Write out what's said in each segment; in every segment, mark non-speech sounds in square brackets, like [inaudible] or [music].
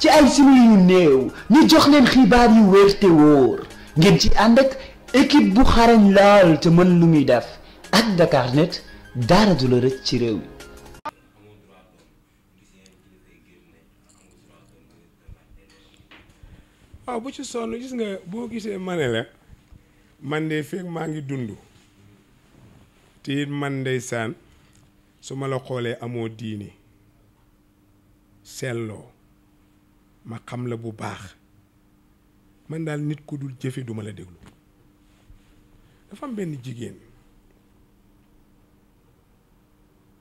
ci ay simili yu néew ñu jox leen xibaar yu wér te wóor ngeen ci ànd ak équipe bu xarañ lool te mën lu muy def ak Dakarnet dara du la rëcc ci réew mi. waaw bu ci sonn gis nga boo gisee ma ne la maa ngi dund te it man ndeysaan su ma la xoolee amoo diini selloo ma xam la bu baax man daal nit ku dul jëfe duma la déglu dafa am benn jigéen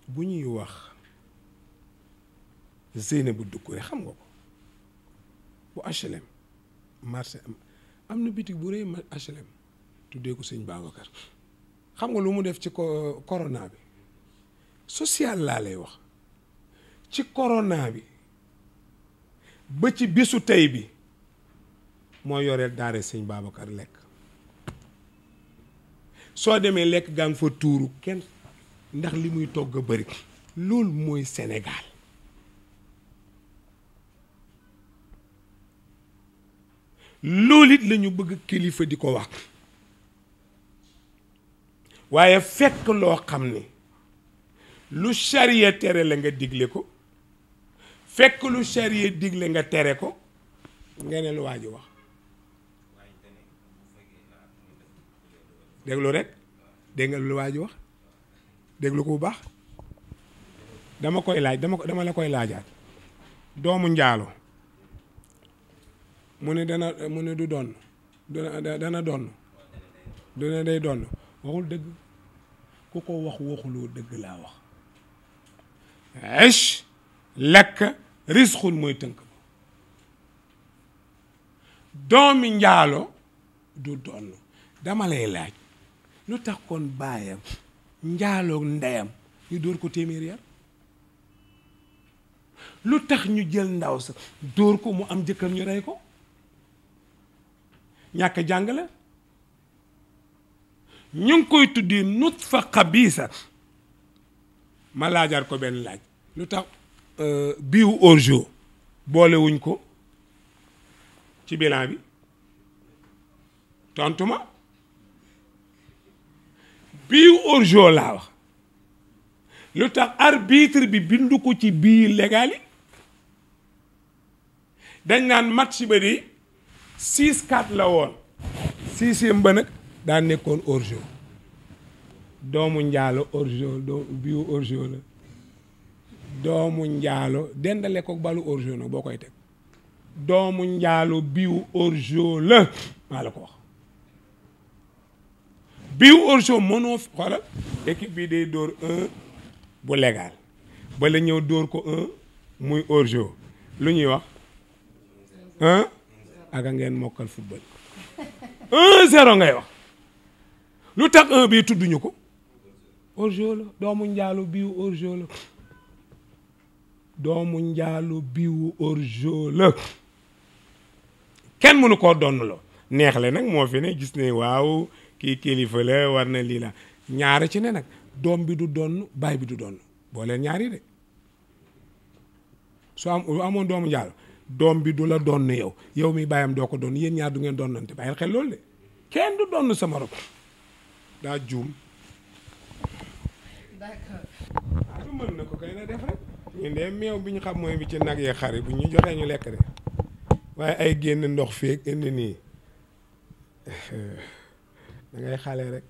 bu ñuy wax Zeyna bu Doucouré xam nga ko bu HLM marché am am na bitik bu rëy ma HLM tuddee ko sëñ Babacar xam nga lu mu def ci corona bi social laa lay wax ci corona bi ba ci bisu tey bi moo yoreel daare sëñ Babacar lekk soo demee lekk gaa ngi fa tuuru kenn ndax li muy togg a bëri loolu mooy Sénégal loolu it lañu bëgg kilifa di ko wax waaye fekk loo xam ni lu sariya tere la nga digle ko fekk lu charia digle nga tere ko nga ne wax déglu rek dégg lu waa ji déglu ko bu baax dama koy laaj dama dama la koy laajaat doomu njaalo mu ne dana mu ne du donn dana donn dana day donn waxul dëgg ku ko wax waxuloo dëgg laa wax. lakk risxul mooy tënk ba doomi njaalo du donn dama lay laaj lu tax kon baayam njaaloog ndeyam ñu dóor ko téeméer yar lu tax ñu jël ndaw sa dóor ko mu am jëkkër ñu rey ko ñàkk jàng la ñu ngi koy tuddi nut fa xabiisa ma laajaat ko benn laaj lu tax Euh, biiwu orjo boolewuñ ko ci bilan bi tontu ma biiwu orjo laa wax lu tax arbitre bi bindu ko ci bii légal yi dañ naan match ba di six quatre la woon sixième ba nag nekkoon orjo doomu njaalo orjo doo orjo la doomu njaalo dendale ko balu orgeau boo koy teg doomu njaalo biwu orgeau la maa la ko wax biwu orgeau mënoo xoolal équipe bi day dóor un bu légal ba ñëw dóor ko un muy orgeau lu ñuy wax un ak a ngeen mokkal football un zéro ngay wax lu tax un bii tudduñu ko orgeau la doomu njaalo biwu orgeau doomu njaalu biwu orjo la kenn mënu koo donn loo neex le nag moo fi ne gis ne waaw kii kilifa la war na lii la ñaar ci ne nag doom bi du donn baay bi du donn boo ñaari de su amoon doomu njaalu doom bi du la donn yow yow mi bàyyam doo ko donn yéen ñaar du ngeen donnante bàyyil xel loolu de kenn du donn sama rob daa ñun de meew bi ñu xam mooy bi ci nag yee xar yi bu ñu joxee ñu lekk de waaye ay génn ndox feeg indi nii [laughs] da xale rek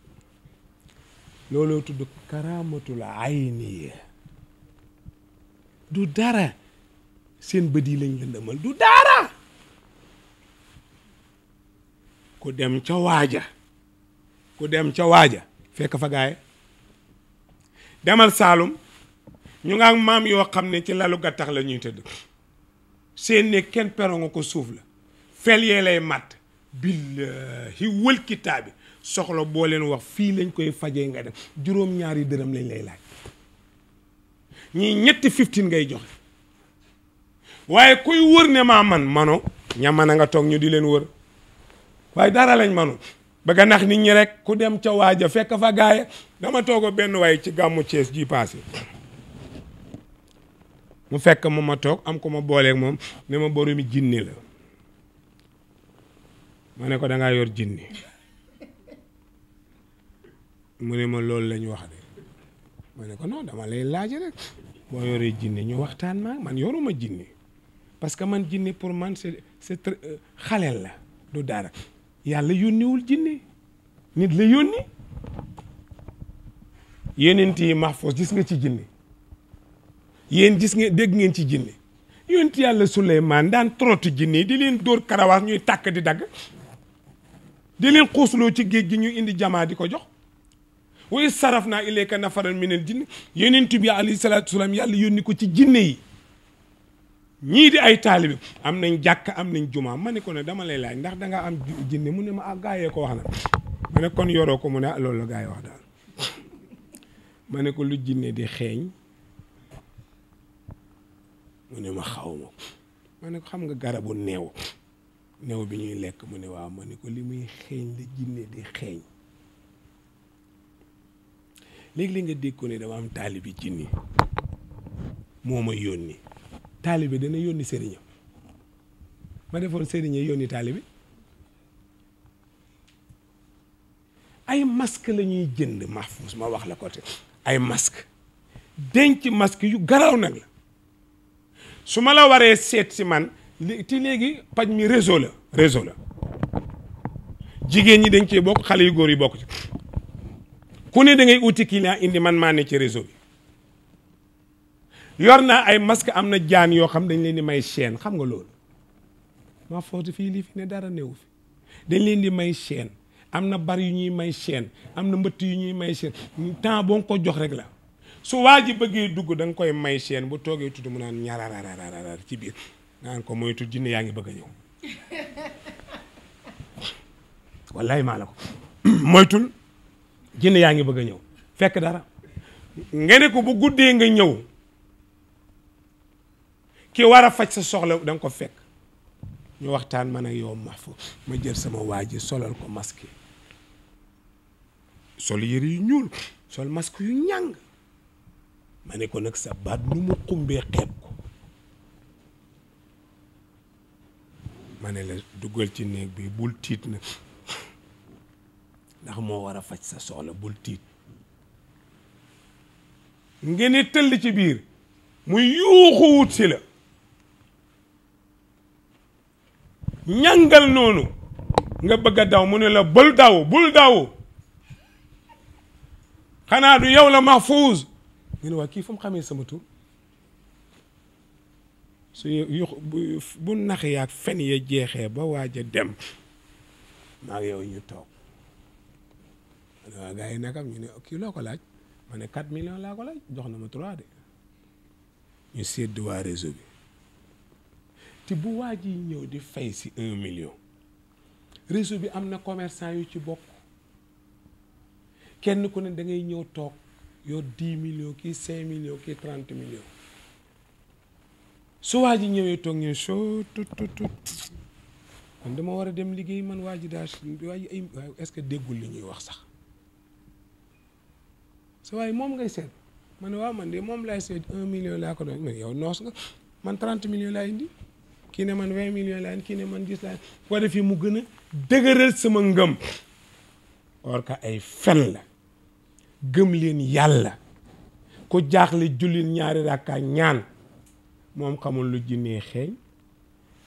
looloo tudd karaamatul ayni du dara seen bët yi lañ lëndëmal du dara ku dem ca waaja ku dem ca waaja fekk fa gaay demal Saalum ñu nga ak maam yoo xam ne ci lalu gattax la ñuy tëdd seen ne kenn peron ko suuf la fel yee lay màtt billahi wël kitaabi soxla boo leen wax fii lañ koy fajee nga dem juróom ñaari dërëm lañ lay laaj ñii ñetti fifteen ngay joxe waaye kuy wër ne maa man mano ña nga toog ñu di leen wër waaye dara lañ manu bëgg a nit ñi rek ku dem ca waaja fekk fa gaaya dama toogo benn waaye ci gàmmu Cees ji paase mu fekk ma ma toog am ko ma booleeg moom ne ma boroomi jinni la ma ne ko dangaa yor jinni mu ne ma loolu lañu wax de ma ne ko non dama lay laaj rek boo yoree jinni ñu waxtaan ma man yoruma jinni parce que man jinni pour man c'est c'est euh, xaleel la du dara yàlla yónniwul jinni nit la yónni yenent yi jis gis nga ci jinni yéen gis ngeen dégg ngeen ci jinne yonti yàlla Suleymaan daan trotti jinne yi di leen dóor karawaas ñuy tàkk di dagg di leen xuusloo ci géej gi ñu indi jamaa di ko jox wa is saraf naa ilayka nafaran minal jinni yonent bi alayhi salaatu yàlla yónni ko ci jinne yi ñii di ay taalibe am nañ jàkk am nañ jumaa ma ne ko ne dama lay laaj ndax danga am jinne mu ne ma ah gaayee ko wax na ma ne kon yoroo ko mu ne ah, loolu gaay wax daal ma ne ko lu jinne di xeeñ mu ne ma xaw ma ma ne ko xam nga garabu neew neew bi ñuy lekk mu ne waaw ma ne ko li muy xeeñ la jinne di xeeñ léegi li nga dégg ko ne dama am taalibi jinni moo ma yónni taalibi dana yónni sëriñam ma defoon sëriñe yónni taalibi ay masque la ñuy jënd Mahfouz ma wax la ko te ay masque denc masque yu garaaw nag la su ma la waree seet si man li ti léegi paj mi réseau la réseau la jigéen ñi dañ cee bokk xale yu góor yi bokk ci ku ne dangay ngay uti client indi man maa ne ci réseau bi yor naa ay masque am na jaan yoo xam dañ leen di may chaîne xam nga loolu maa footi fii lii fi ne dara newu fi dañ leen di may chaîne am na bar yu ñuy may chaîne am na mbëtt yu ñuy may chaîne temps boo ko jox rek la su waa ji bëggee dugg danga koy may seen bu toogee tudd mu naan ñaarararararar ci biir naan ko moytu jinne yaa ngi bëgg a [laughs] maa la ko [clears throat] moytul jinne yaa ngi bëgg a ñëw fekk dara nga ne ko bu guddee nga ñëw ki war a faj sa soxla danga ko fekk ñu waxtaan man ak yow Mahfou ma jël sama waa ji solal ko masque sol yére yu ñuul sol masque yu ñàng ma ne ko nag sa baat lu mu xumbee ko ma la duggal ci néeg bi bul tiit nag ndax moo war a faj sa soxla bul tiit ngeen tëll ci biir mu yuuxu wut si la ñàngal noonu nga bëgg daw mu ne la bul daw bul daw xanaa du yow la Mahfouz ñu ne waa kii fu mu xamee sama tur su yu bu nax yaag fen ya jeexee ba waaj dem maa yow ñu toog waa gars ñu ne kii loo ma ne 4 millions laa ko laaj jox na ma 3 de ñu sédd waa réseau bi te bu waa ji ñëw di fay si 1 million réseau bi am na commerçant yu ci bokk kenn ku ne da ngay ñëw toog. yow dix millions kii cinq millions kii trente millions su waa ji ñëwee toog ñu soo tut war a dem liggéey man waa ji daa waa ji ay ce que déggul li ñuy wax sax sa waaye moom ngay seet man waaw man de moom laay seet un million laa ko doon yow noos nga man trente millions laa indi kii ne man vingt millions laa indi kii ne man gis laa ko defee mu gën a dëgëral sama ngëm or que ay fen la gëm leen yàlla ku jaaxle jullit ñaari rakkaa ñaan moom xamul lu jinnee xeeñ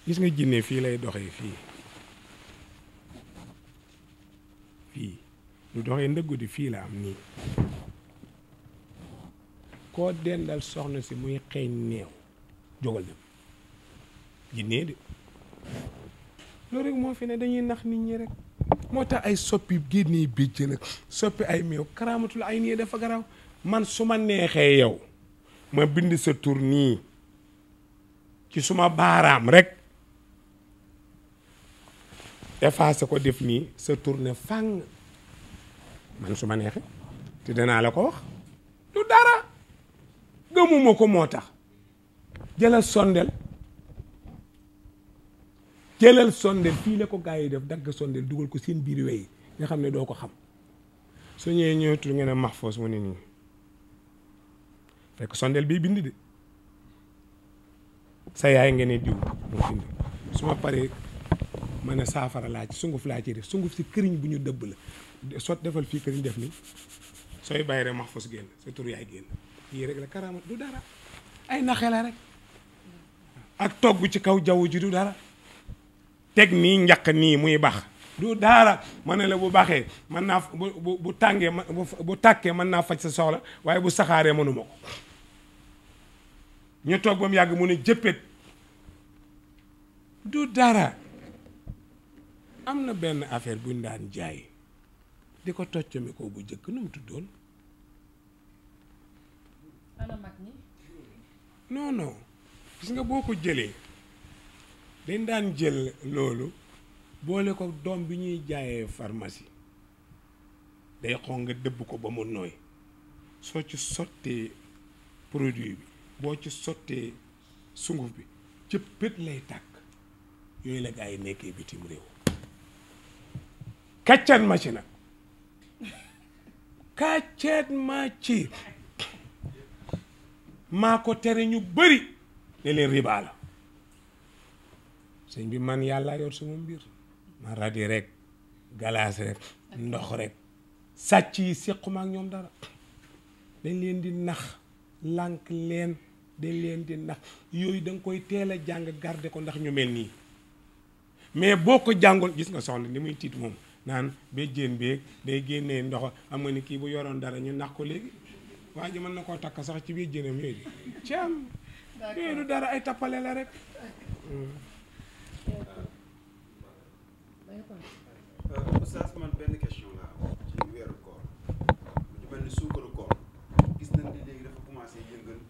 gis nga jinne fii lay doxee fii fii lu doxee ndëggu di fii la am nii koo dendal soxna si muy xeeñ neew jógal jinnee de loolu rek moo fi ne dañuy nax nit ñi rek moo tax ay soppi génnee béjjën ak soppi ay meew karaamatul ay nii dafa garaaw man su ma neexee yow ma bind sa tur nii ci suma baaraam rek effacé ko def nii sa tur ne fang man su ma neexee te danaa la ko wax lu dara gëmuma ko moo tax jëla sondel jëlal sondeel fii la ko gars yi def dagg sondeel dugal ko seen biir wey nga xam ne doo ko xam su ñëwee ñëwatul nga ne Mahfouz mu ne nii fekk sondeel bii bind de sa yaay nga ne diw moo su ma paree ma ne saafara laa ci sunguf laa ci def sunguf si këriñ bu ñu dëbb la sot defal fii këriñ def ni sooy bàyyi rek Mahfouz génn sa tur yaay génn yii rek la karaamat du dara ay naxe la rek ak togg ci kaw jaww ji du dara teg nii njaq nii muy bax du daara ma ne la bu baaxee mën naa bu bu tàngee bu tàkkee mën naa faj sa soxla waaye bu saxaaree mënu ko ñu toog ba mu yàgg mun ne jëppet du dara am na benn affaire buñ daan jaay di ko toccami bu jëkk nu mu tuddoon non gis nga boo ko jëlee dañ daan jël loolu boole ko doom bi ñuy jaayee pharmacie day xon nga dëbb ko ba mu nooy soo ci sottee produit bi boo ci sottee sunguf bi ci pét lay tàkk yooyu la gaa yi nekkee bitim réew kàccan ma ci nag kàccan ma ci maa ko tere ñu bari ne leen ribaa la sëñ bi man yàlla yor suma mbir ma radi rek galaas rek ndox rek sàcc yi séquma ak ñoom dara dañ leen di nax lànk leen dañ leen di nax yooyu da koy teel a jàng garde ko ndax ñu mel nii mais boo ko jàngoon gis nga soxna ni muy tiit moom naan be béjjéen beeg day génnee ndox am nga ni kii bu yoroon dara ñu nax ko léegi waa ji mën na koo takk sax ci béjjéenam yooyu ci am yooyu du dara ay tappale la rek hmm. Oustaz euh, man benn question la ci weeru koor lu ci mel ni suukaru koor gis nañ ni léegi dafa commencé yëngal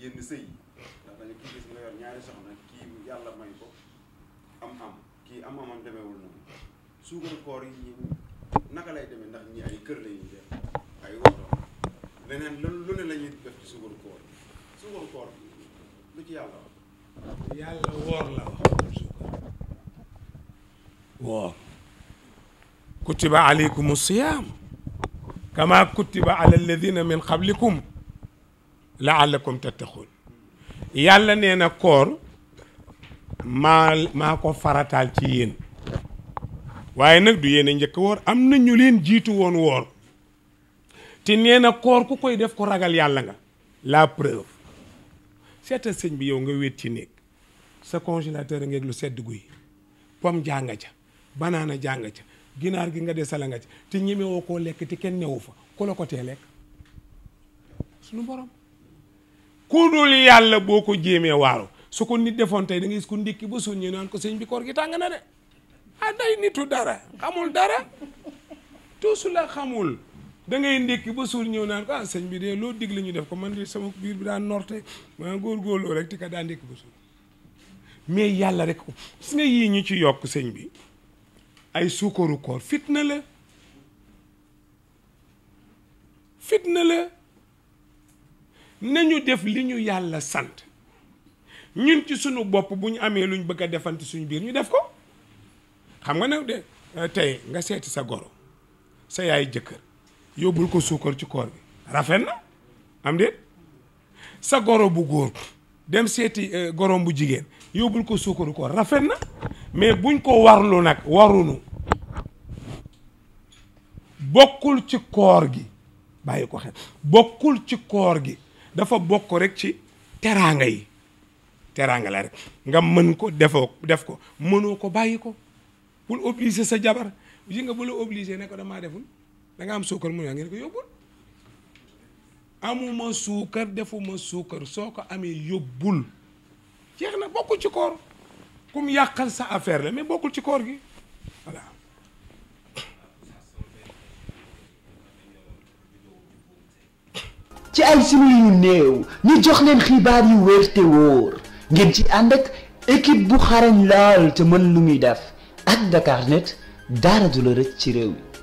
yenn sëy yi ndax dañu kii gis nga yor ñaari soxna kii yàlla may ko am-am kii am-amam demeewul noonu suukaru koor yi naka lay demee ndax ñi ay kër la ñuy def ay woto leneen lu ne la def ci suukaru koor suukaru koor lu ci yàlla wax. yàlla woor la wax. waaw kutiba alaykum siyaam kama kutiba ala alladina min qablikum laallakum tattaquun yàlla nee na koor maa maa ko farataal ci yéen waaye nag du yéen njëkk woor am na ñu leen jiitu woon woor te nee na koor ku koy def ko ragal yàlla nga la preuve seetal sëñ bi yow nga wéet ci sa congélateur a ngeeg lu sedd guy pom jaa nga ja banaana jàng ca ginaar gi nga desala nga ca te ñemewoo koo lekk te kenn newu fa ku la ko tee lekk suñu borom ku dul yàlla boo ko jéemee waaru su ko nit defoon tey da nga gis ko ba suñ ñu naan ko sëñ bi koor gi tàng na de ah day nitu dara xamul dara tuusu la xamul da ngay ndékki ba suur ñëw naan ko ah sëñ bi de loo digle ñu def ko man de sama biir bi daan norte maa góorgóorloo rek ti ka daa ndékki ba suur mais yàlla rek ko gis nga yii ñu ci yokk sëñ bi ay suukaru koor fitna la fitna la nañu def li ñu yàlla sant ñun ci sunu bopp bu ñu amee luñ bëgg a defanti suñu biir ñu def ko xam nga nag de euh, nga seeti sa goro sa yaay jëkkër yóbbul ko suukar ci koor bi rafet na am déet sa goro bu góor dem seeti euh, gorom bu jigéen yóbbul ko suukaru koor rafet na mais buñ koo warlu nag warunu bokkul ci koor gi bàyyi ko xel bokkul ci koor gi dafa bokk rek ci teraanga yi teraanga la rek nga mën ko defoo def ko mënoo ko bàyyi ko bul obligé sa jabar yi nga bu la obligé ne ko damaa deful danga am suukar mu ne ngeen ko yóbbul amuma suukar defuma suukar soo ko amee yóbbul jeex na bokkul ci koor kum yàqal sa affaire la mais bokkul ci koor gi voilà ci ay simili yu néew ñu jox leen xibaar yu wér te wóor ngeen ci ànd ak équipe bu xarañ lool te mën lu muy def ak Dakarnet dara du la rëcc ci réew mi